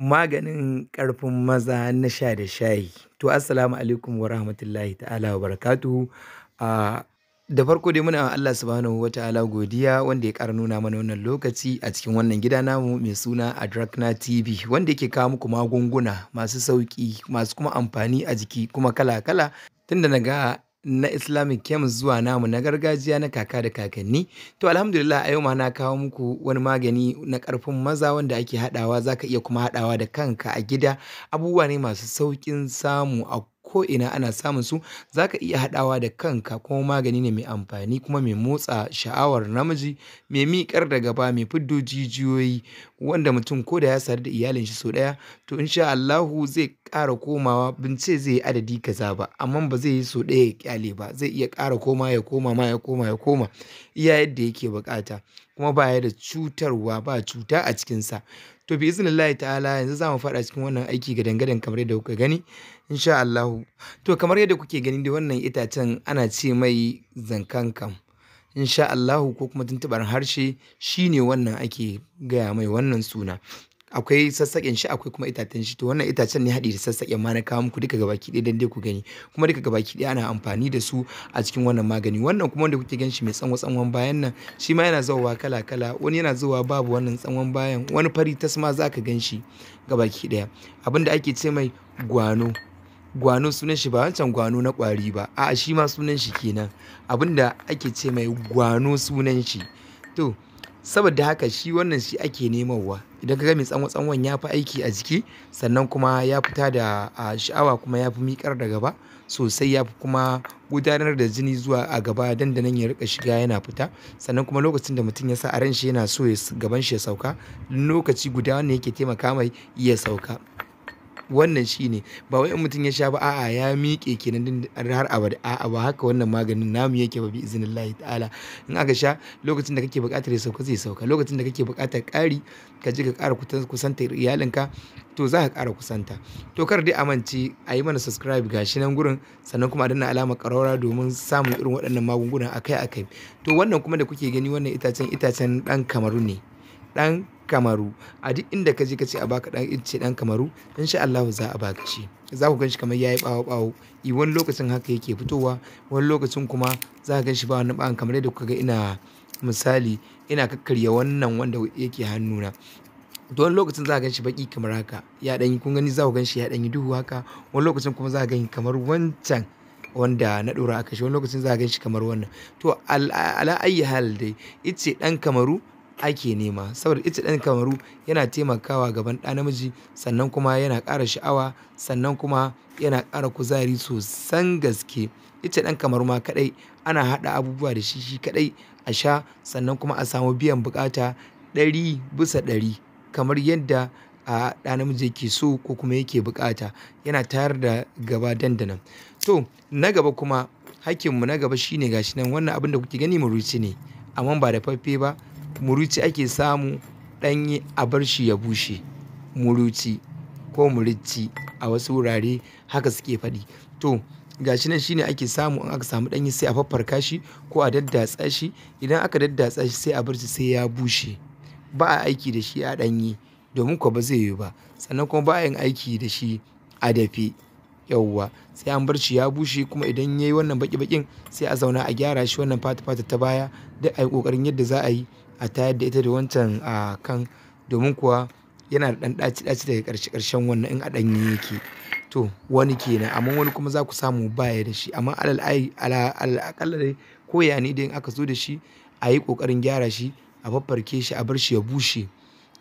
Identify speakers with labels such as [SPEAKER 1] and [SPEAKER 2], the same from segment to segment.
[SPEAKER 1] maganin ƙarfin maza na sha da shayi. To, assalamu alaikum wa rahmatullahi ta'ala wa barakatu ah, da farko dai muna wa Allah Subhanahu wa ta'ala godiya wanda ya ƙara nuna mana wannan lokaci a cikin wannan gida namu mai suna Adrakna TV wanda yake kawo muku magunguna masu sauƙi masu kuma amfani a jiki kuma kala kala. Tunda na ga na Islamic Chems zuwa namu na gargajiya na kaka da kakanni. To alhamdulillah a yau ma na kawo muku wani magani na karfin maza wanda ake haɗawa zaka iya kuma haɗawa da kanka a gida. Abubuwa ne masu saukin samu a ko ina ana samun su, zaka iya haɗawa da kanka kuma magani ne mai amfani kuma mai motsa sha'awar namiji, mai miƙar da gaba, mai fiddo jijiyoyi wanda mutum ko da ya sadu da shi sau ɗaya to insha Allahu zai ƙara komawa. bince zai yi adadi kaza ba amma ba zai yi sau ɗaya ya ƙyale ba. Zai iya kara koma ya koma ma ya koma ya koma iya yadda yake buƙata kuma ba ya da cutarwa ba cuta a cikinsa. To bi iznillahi ta'ala yanzu za mu faɗa cikin wannan aiki ga dangadan kamar yadda kuka gani. insha Allahu. To kamar yadda kuke gani da wannan itacen ana ce mai zankankan Insha Allahu ko kuma tuntuɓar harshe shine wannan ake gaya mai wannan suna. akwai sassaƙen shi akwai kuma itacen shi to wannan itacen ne haɗi da sassaƙen ma na kawo muku duka gabaki ɗaya dan dai ku gani kuma duka gabaki ɗaya ana amfani da su a cikin wannan magani wannan kuma wanda kuke ganshi shi mai tsanwa tsanwan bayan nan shi ma yana zuwa kala kala wani yana zuwa babu wannan tsanwan bayan wani fari tas ma za ka gan shi gabaki ɗaya abinda ake ce mai gwano gwano sunan shi ba wancan gwano na kwari ba a'a shi ma sunan shi kenan abinda ake ce mai gwano sunan shi to saboda haka shi wannan shi ake nemawa idan ka ga mai tsanwa tsanwan ya fi aiki a jiki sannan kuma ya fita da sha'awa kuma ya fi miƙar da gaba sosai ya fi kuma gudanar da jini zuwa a gaba nan ya rika shiga yana fita sannan kuma lokacin da mutum ya sa a ran shi yana so gaban shi ya sauka lokaci guda wanda yake taimaka mai ya sauka wannan shi ne, ba wai mutum ya sha ba a'a ya miƙe kenan din har abada a'a ba haka wannan maganin namu yake ba bi iznillahi ta'ala in aka sha lokacin da kake buƙatar ya sauka zai sauka lokacin da kake buƙatar ƙari ka ji ka ƙara kusanta iyalinka to za ka ƙara kusanta to kar dai amince a yi mana subscribe ga shi nan gurin sannan kuma a danna alamar ƙaraura domin samun irin waɗannan magungunan akai-akai to wannan kuma da kuke gani wannan itacen itacen ɗan kamaru ne ɗan kamaru a duk inda ka je ka ce a baka ɗan ince ɗan kamaru insha Allah za a baka shi za ku ganshi kamar yayi bawo bawo i wani lokacin haka yake fitowa wani lokacin kuma za ka ganshi ba wani ban kamar yadda kuka ga ina misali ina kakkarya wannan wanda yake hannuna don lokacin za a ganshi baki kamar haka ya dan yi kun gani za ku ganshi ya dan yi duhu haka wani lokacin kuma za a ganshi kamar wancan wanda na dora aka shi wani lokacin za a ganshi kamar wannan to ala ayi hal dai ice dan kamaru ake nema saboda ita ɗan kamaru yana taimakawa gaban ɗa namiji sannan kuma yana ƙara sha'awa sannan kuma yana ƙara kuzari sosan gaske. ita ɗan kamaru ma kaɗai ana haɗa abubuwa da shi shi kaɗai a sha sannan kuma a samu biyan buƙata ɗari bisa ɗari kamar yadda a ɗa namiji yake so ko kuma yake buƙata. Yana tayar da gaba dandana To na gaba kuma hakkinmu na gaba shine gashi nan wannan abin da kuke gani murici ne amma ba da faffe ba. muruci ake samu ɗanye a bar shi ya bushe muruci ko muruci a wasu wurare haka suke faɗi to gashi nan shine ake samu in aka samu ɗanye sai a faffarka shi ko a daddatsa shi idan aka daddatsa shi sai a bar shi sai ya bushe ba a aiki da shi a ɗanye domin kuwa ba zai yi ba sannan kuma ba a yin aiki da shi a dafe yauwa sai an bar shi ya bushe kuma idan ya yi wannan baki-bakin sai a zauna a gyara shi wannan fata-fata ta baya duk a yi ƙoƙarin yadda za a yi a tayar da ita da wancan a kan domin kuwa yana da ɗan ɗaci ɗaci daga ƙarshe ƙarshen wannan in a ɗanye yake. To wani kenan, amma wani kuma za ku samu baya da shi amma alal ai dai ko ya ni dai in aka zo da shi a yi ƙoƙarin gyara shi a faffarke shi a bar shi ya bushe.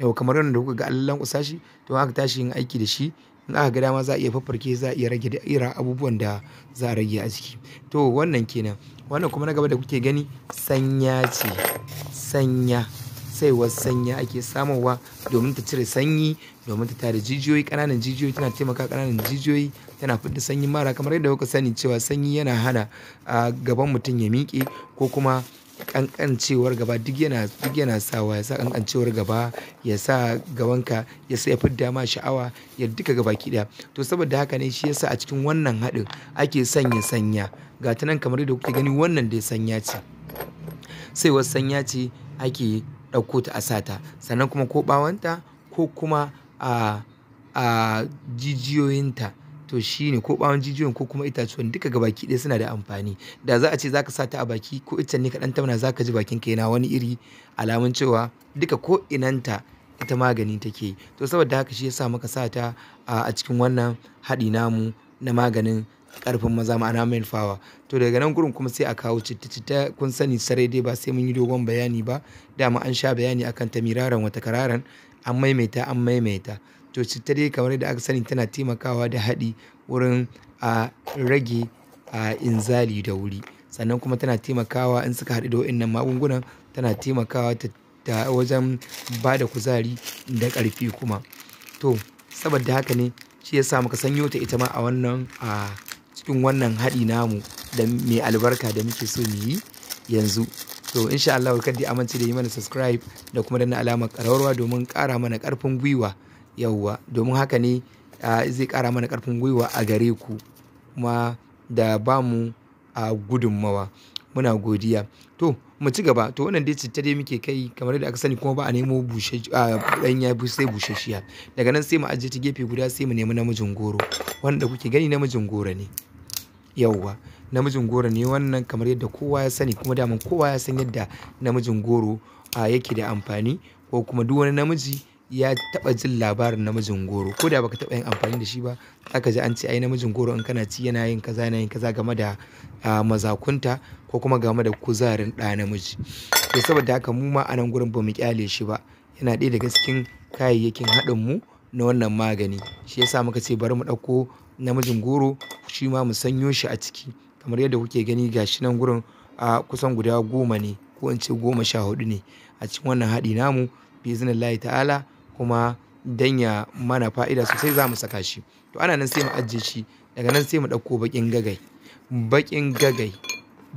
[SPEAKER 1] Yau kamar wannan da kuka ga allan lanƙwasa shi to aka tashi yin aiki da shi. in aka ga dama za a iya faffarke za a iya rage da ira abubuwan da za a rage a ciki to wannan kenan wannan kuma na gaba da kuke gani sanya ce sanya saiwar sanya ake samarwa domin ta cire sanyi domin ta tare jijiyoyi kananan jijiyoyi tana taimaka ƙananan jijiyoyi tana fita sanyin mara kamar yadda kuka sani cewa sanyi yana hana a ah, gaban mutum ya miƙe ko kuma ƙanƙancewar gaba duk yana sawa ya sa ƙanƙancewar gaba ya sa gawanka ya sa ya fidda ma sha'awa ya duka gaba ki ɗaya to saboda haka ne shi yasa a cikin wannan haɗin ake sanya sanya ga ta nan kamar yadda kuke gani wannan dai sanya ce sai wasu sanya ce ake ɗauko ta a sata sannan kuma ko ɓawanta ko kuma a a jijiyoyinta to ne ko bawon jijiyoyin ko kuma itatuwan duka ga baki ɗaya suna da amfani da za a ce zaka sa ta a baki ko ita ne kaɗan za zaka ji bakin ka yana wani iri alamun cewa duka ko inanta ita magani take yi to saboda haka shi yasa muka sa ta a cikin wannan haɗi namu na maganin karfin maza ma'ana mail fawa to daga nan gurin kuma sai a kawo citta-citta kun sani sarai dai ba sai mun yi dogon bayani ba dama an sha bayani akan ta miraran wata kararan an maimaita an maimaita to citta dai kamar da aka sani tana taimakawa da haɗi wurin a rage a inzali da wuri sannan kuma tana taimakawa in suka haɗu da wa'innan magungunan tana taimakawa ta wajen ba da kuzari da ƙarfi kuma to saboda haka ne shi yasa muka sanyo ta ita ma a wannan a cikin wannan haɗi namu da mai albarka da muke so mu yi yanzu to insha Allah kar da amince da yi mana subscribe da kuma danna alamar ƙararrawa domin ƙara mana ƙarfin gwiwa yauwa domin haka ne zai kara mana karfin gwiwa a gare ku kuma da ba mu a gudunmawa muna godiya to mu ci gaba to wannan dai cita dai muke kai kamar yadda aka sani kuma ba a nemo bushe ɗanya sai bushashiya daga nan sai mu ajiye ta gefe guda sai mu nemi namijin goro wanda kuke gani namijin goro ne yauwa namijin goro ne wannan kamar yadda kowa ya sani kuma daman kowa ya san yadda namijin goro yake da amfani ko kuma duk wani namiji ya taɓa jin labarin namijin goro ko da baka taɓa yin amfani da shi ba zaka ji an ce ai namijin goro in kana ci yana yin kaza yana yin kaza game da mazakunta ko kuma game da kuzarin ɗa namiji to saboda haka mu ma a nan gurin bamu kyale shi ba yana ɗaya daga cikin kayayyakin haɗin mu na wannan magani shi yasa muka ce bari mu ɗauko namijin goro shi ma mu sanyo shi a ciki kamar yadda kuke gani gashi nan gurin a kusan guda goma ne ko in ce goma sha hudu ne a cikin wannan haɗi namu bi izinin ta'ala kuma dan ya mana fa'ida sosai za mu saka shi to ana nan sai mu ajiye shi daga nan sai mu ɗauko baƙin gagai baƙin gagai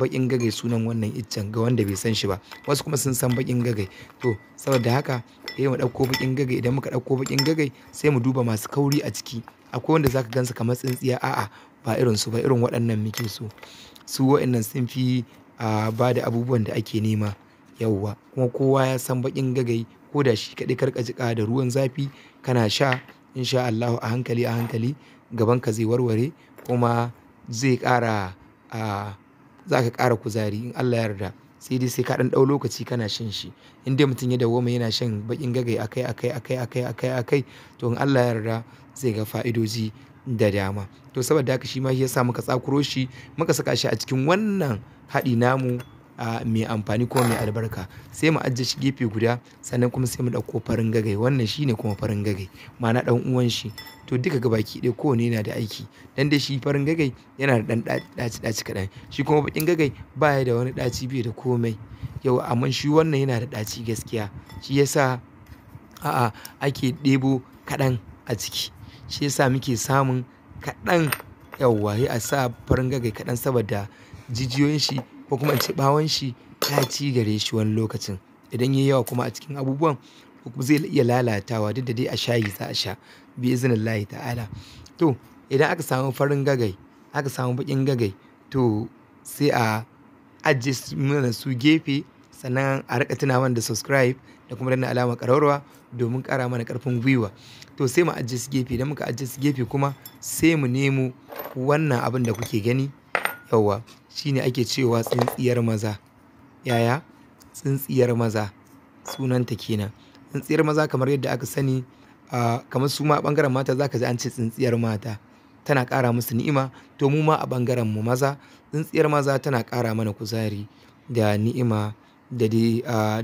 [SPEAKER 1] baƙin gagai sunan wannan iccen ga wanda bai san shi ba wasu kuma sun san baƙin gagai to saboda haka sai mu ɗauko baƙin gagai idan muka ɗauko baƙin gagai sai mu duba masu kauri a ciki akwai wanda ka gansa kamar tsintsiya a'a ba irin su ba irin waɗannan muke so su waɗannan sun fi ah, ba da abubuwan da ake nema yauwa kuma kowa ya san baƙin gagai ko da shi kaɗai karka jiƙa da ruwan zafi kana sha insha Allahu a hankali a hankali ka zai warware kuma zai ƙara a za ka ƙara kuzari in Allah ya yarda sai dai sai ka ɗan ɗau lokaci kana shan shi in dai mutum ya dawo mai yana shan baƙin gagai akai akai akai akai akai akai to in Allah ya yarda zai ga fa'idoji da dama to saboda haka shi ma shi yasa muka tsakuro shi muka saka shi a cikin wannan haɗi namu mai amfani ko mai albarka sai mu ajiye shi gefe guda sannan kuma sai mu dauko farin gagai wannan shine kuma farin gagai ma'ana ɗan uwan shi to duka gabaki ɗaya kowanne yana da aiki dan dai shi farin gagai yana da ɗan ɗaci ɗaci kaɗan shi kuma baƙin gagai baya da wani ɗaci biyu da komai yau amma shi wannan yana da ɗaci gaskiya shi yasa a'a ake ɗebo kaɗan a ciki shi yasa muke samun kaɗan yawwa a sa farin gagai kaɗan saboda jijiyoyin shi ko kuma in ce ɓawon shi ci gare shi wani lokacin idan yayi yawa kuma a cikin abubuwan ko kuma zai iya lalatawa duk da dai a shayi za a sha bi lahi ta'ala to idan aka samu farin gagai aka samu bakin gagai to sai a ajiye mana su gefe sannan a rika tuna mana da subscribe da kuma danna alamar karawarwa domin kara mana karfin gwiwa to sai mu ajiye su gefe idan muka ajiye su gefe kuma sai mu nemo wannan abin da kuke gani shi ne ake cewa tsintsiyar maza yaya tsintsiyar maza sunanta kenan tsintsiyar maza kamar yadda aka sani kamar su ma a ɓangaren mata zaka ji an ce tsintsiyar mata tana ƙara musu ni'ima to mu ma a bangaren mu maza tsintsiyar maza tana kara mana kuzari da ni'ima da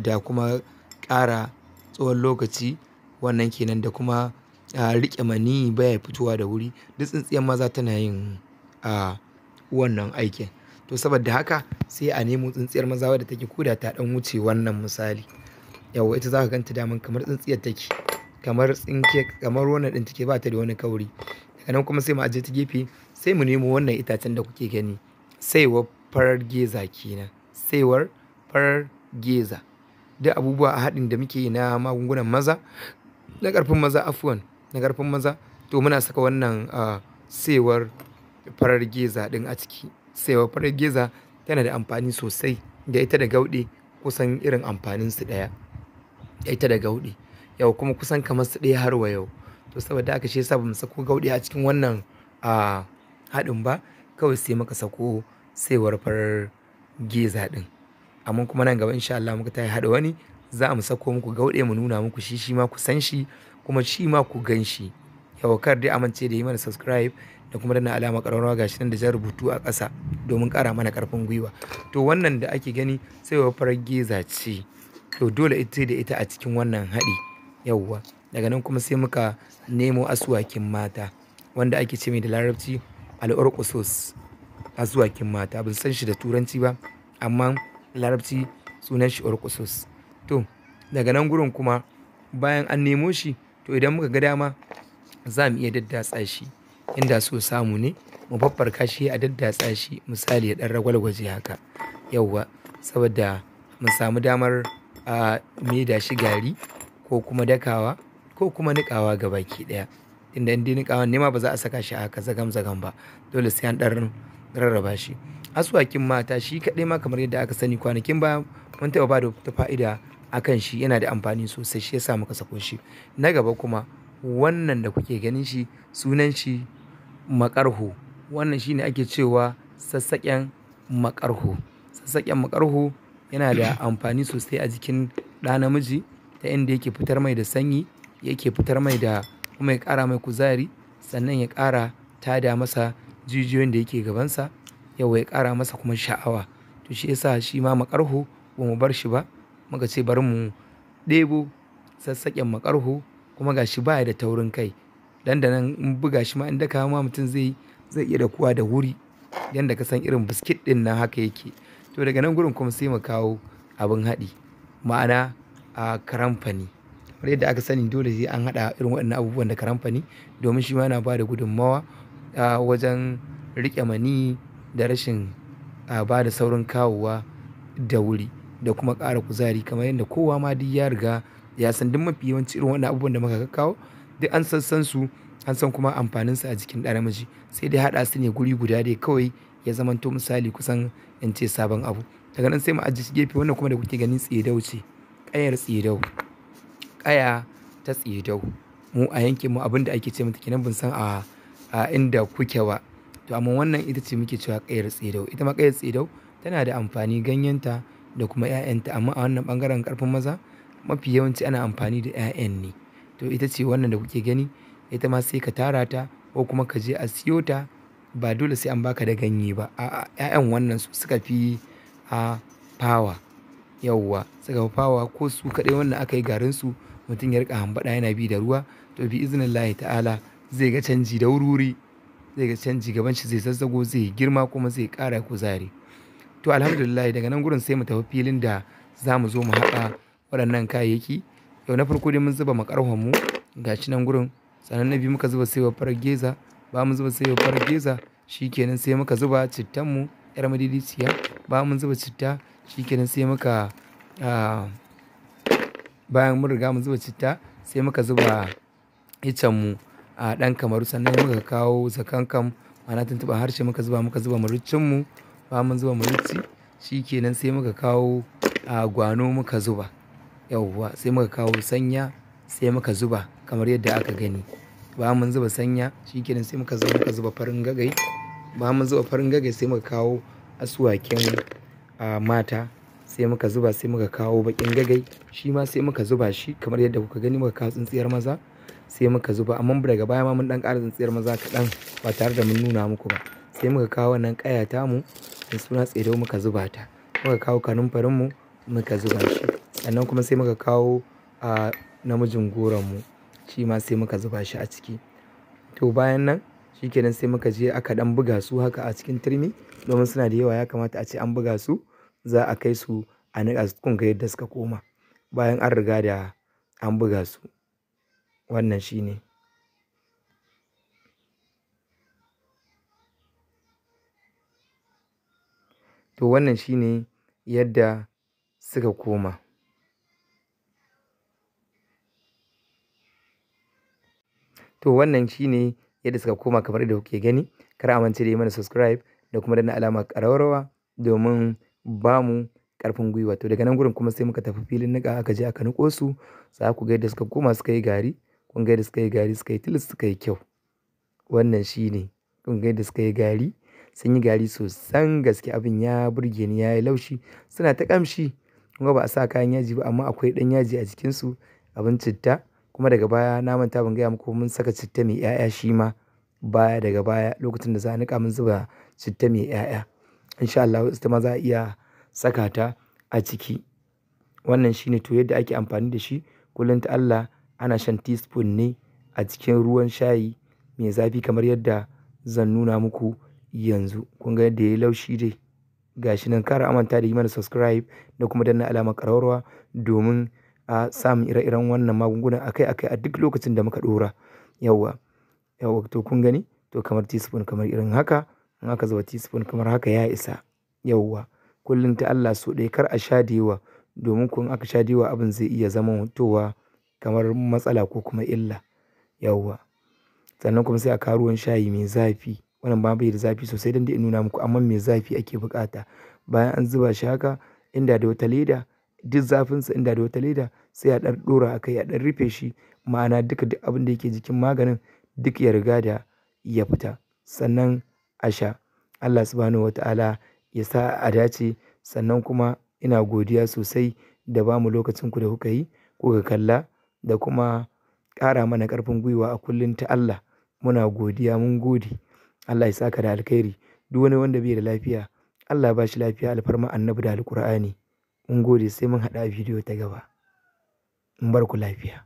[SPEAKER 1] da kuma ƙara tsawon lokaci wannan kenan da kuma uh, mani baya fitowa da wuri duk tsintsiyar maza tana yin uh, wannan aikin to saboda haka sai a nemo tsintsiyar mazawa da take kuda ta ɗan wuce wannan misali yawa ita za ka ganta daman kamar tsintsiyar take kamar tsinke kamar wannan din take ba ta da wani kauri daga nan kuma sai mu aje ta gefe sai mu nemo wannan itacen da kuke gani Saiwa farar geza kenan saiwar farar geza Da abubuwa a haɗin da muke yi na magungunan maza na ƙarfin maza afuwan na ƙarfin maza to muna saka wannan ah, saiwar farar geza ɗin a ciki saiwa farar geza tana da amfani sosai da ita da gauɗe kusan irin amfanin su ɗaya da ita da gauɗe yau kuma kusan kamar su ɗaya har wa yau to saboda haka shi yasa bamu sako gauɗe a cikin wannan a haɗin ba kawai sai maka sako saiwar farar geza ɗin amma kuma nan gaba insha Allah muka tayi haɗa wani za mu sako muku gauɗe mu nuna muku shi shi ma ku san shi kuma shi ma ku gan shi yau kar dai amince da yi mana subscribe da kuma danna alama ƙararrawa gashi nan da jan rubutu a ƙasa domin ƙara mana ƙarfin gwiwa to wannan da ake gani sai wa farar geza ce to dole ita da ita a cikin wannan haɗi yawwa daga nan kuma sai muka nemo asuwakin mata wanda ake ce mai da larabci al'urkusos asuwakin mata ba san shi da turanci ba amma larabci sunan shi urkusos to daga nan gurin kuma bayan an nemo shi to idan muka ga dama za mu iya daddatsa shi inda so samu ne mu faffarka shi a daddatsa shi misali ya ɗan ragwalgwaje haka yauwa saboda mu samu damar a da shi gari ko kuma dakawa ko kuma niƙawa ga baki ɗaya inda indi niƙawa ne ma ba za a saka shi haka zagam zagam ba dole sai an ɗan rarraba shi aswakin mata shi kaɗai ma kamar yadda aka sani kwanakin ba mun taba ba da ta fa'ida akan shi yana da amfani sosai shi yasa muka sako shi na gaba kuma wannan da kuke ganin shi sunan shi maƙarho. Wannan shine ake cewa sassaƙen maƙarho. Sassaƙen maƙarho yana da amfani sosai a jikin ɗa namiji ta inda yake fitar mai da sanyi, yake fitar mai da kuma ya ƙara mai kuzari sannan ya ƙara tada masa jijiyoyin da yake gabansa, yau ya ƙara masa kuma sha'awa. To shi yasa sa shi ma maƙarho ba mu bar shi ba. Muka ce bari mu ɗebo sassaƙen maƙarho kuma ga shi baya da taurin kai. dandanan in buga shi ma in daka ma mutum zai zai iya kuwa da wuri yanda ka san irin biskit din nan haka yake to daga nan gurin kuma sai mu kawo abin haɗi ma'ana a karamfani kamar yadda aka sani dole sai an haɗa irin waɗannan abubuwan da karamfani domin shi ma yana ba da gudunmawa wajen riƙe mani da rashin ba da saurin kawowa da wuri da kuma ƙara kuzari kamar yadda kowa ma duk ya riga ya san duk mafi yawanci irin waɗannan abubuwan da muka kawo duk an sassan su an san kuma amfanin su a jikin ɗa namiji sai dai haɗa su ne guri guda dai kawai ya zamanto misali kusan in ce sabon abu daga nan sai mu ajiye gefe wannan kuma da kuke ganin tsidau ce ƙayar tsidau ƙaya ta tsidau mu a yankin mu abin da ake ce mata kenan ban san a inda kuke ba to amma wannan ita ce muke cewa ƙayar tsidau ita ma ƙayar tsidau tana da amfani ganyenta da kuma 'ya'yanta amma a wannan bangaren karfin maza mafi yawanci ana amfani da 'ya'yan ne to ita ce wannan da kuke gani ita ma sai ka tara ta ko kuma ka je a siyo ta ba dole sai an baka da ganye ba a'a 'ya'yan wannan su suka fi a fawa yawwa suka fi fawa ko su kaɗai wannan aka yi garin su mutum ya rika hambaɗa yana bi da ruwa to bi iznin lahi ta'ala zai ga canji da wuri zai ga canji gaban shi zai zazzago zai girma kuma zai ƙara kuzari to alhamdulillah daga nan gurin sai mu tafi filin da za mu zo mu haɗa waɗannan kayayyaki yau na farko dai mun zuba makarhon mu gashi nan gurin sannan na biyu muka zuba saiwa farar geza ba mun zuba saiwa farar geza shikenan sai muka zuba cittan mu yar madidiciya ba mun zuba citta shikenan sai muka bayan mun riga mun zuba citta sai muka zuba icen mu a dan kamaru sannan muka kawo zakankam ma'ana tuntuɓa harshe muka zuba muka zuba maruccin mu ba mun zuba marucci shikenan sai muka kawo a gwano muka zuba yauwa sai muka kawo sanya sai muka zuba kamar yadda aka gani ba mun zuba sanya shikenan sai muka zo muka zuba farin gagai ba mun zuba farin gagai sai muka kawo asuwakin mata sai muka zuba sai muka kawo bakin gagai shi ma sai muka zuba shi kamar yadda kuka gani muka kawo tsintsiyar maza sai muka zuba amma daga baya ma mun dan ƙara tsintsiyar maza kaɗan ba tare da mun nuna muku ba sai muka kawo wannan ƙaya mu da suna tsedo muka zuba ta muka kawo kanumfarin mu muka zuba shi sannan kuma sai muka kawo a namijin goronmu shi ma sai muka zuba shi a ciki to bayan nan shi kenan sai muka je aka ɗan buga su haka a cikin turmi domin suna da yawa ya kamata a ce an buga su za a kai su a niƙa su kun yadda suka koma bayan an riga da an buga su wannan shi ne to wannan shi ne yadda suka koma To wannan shi ne yadda suka koma kamar da kuke gani. Kar a mance da yi mana subscribe da kuma danna alama ƙararrawa domin bamu mu ƙarfin gwiwa. To daga nan gurin kuma sai muka tafi filin niƙa aka je aka niƙo su. Za ku ga yadda suka koma suka yi gari. Kun ga yadda suka yi gari suka yi tilis suka yi kyau. Wannan shi ne. Kun ga yadda suka yi gari. Sun yi gari sosan gaske abin ya burge ni ya yi laushi. Suna ta kamshi Kun ba a sa kayan yaji ba amma akwai ɗan yaji a su Abin citta. Kuma daga baya na manta ban gaya muku mun saka citta mai 'ya'ya shi ma baya daga baya lokacin da za a niƙa mun zuba citta mai 'ya'ya. insha Allah Allahu ita ma za a iya saka ta a ciki. Wannan shine to yadda ake amfani da shi. Kullum ta Allah ana shan teaspoon ne a cikin ruwan shayi mai zafi kamar yadda zan nuna muku yanzu. Kun ga yadda yayi laushi dai. Ga nan kar a manta da yi mana subscribe da kuma danna alamar ƙararrawa domin. a samun ire-iren wannan magunguna akai-akai a duk lokacin da muka ɗora. Yawwa. Yawwa to kun gani? To kamar teaspoon kamar irin haka, in aka zuba teaspoon kamar haka ya isa. Yauwa, kullum ta Allah so ɗaya kar a sha da yawa domin kun aka sha da yawa abin zai iya zama towa kamar matsala ko kuma illa. Yawwa Sannan kuma sai a kawo ruwan shayi mai zafi. Wannan ba bai da zafi sosai dan dai in nuna muku amma mai zafi ake bukata Bayan an zuba shi haka, inda da wata leda duk zafin zafinsa inda da wata leda sai a ɗan ɗora a kai a ɗan rufe shi ma'ana duka duk abin da yake jikin maganin duk ya riga da ya fita sannan a sha. Allah Subhanahu wataala ya sa a dace sannan kuma ina godiya sosai da ba mu lokacin ku da kuka yi kuka kalla da kuma ƙara mana ƙarfin gwiwa a kullum ta Allah. Muna godiya mun gode. Allah ya saka da alkhairi. Duk wani wanda bai da lafiya Allah ba shi lafiya alfarma annabi da Alqur'ani. Mun gode sai mun haɗu a bidiyo ta gaba. in bar ku lafiya.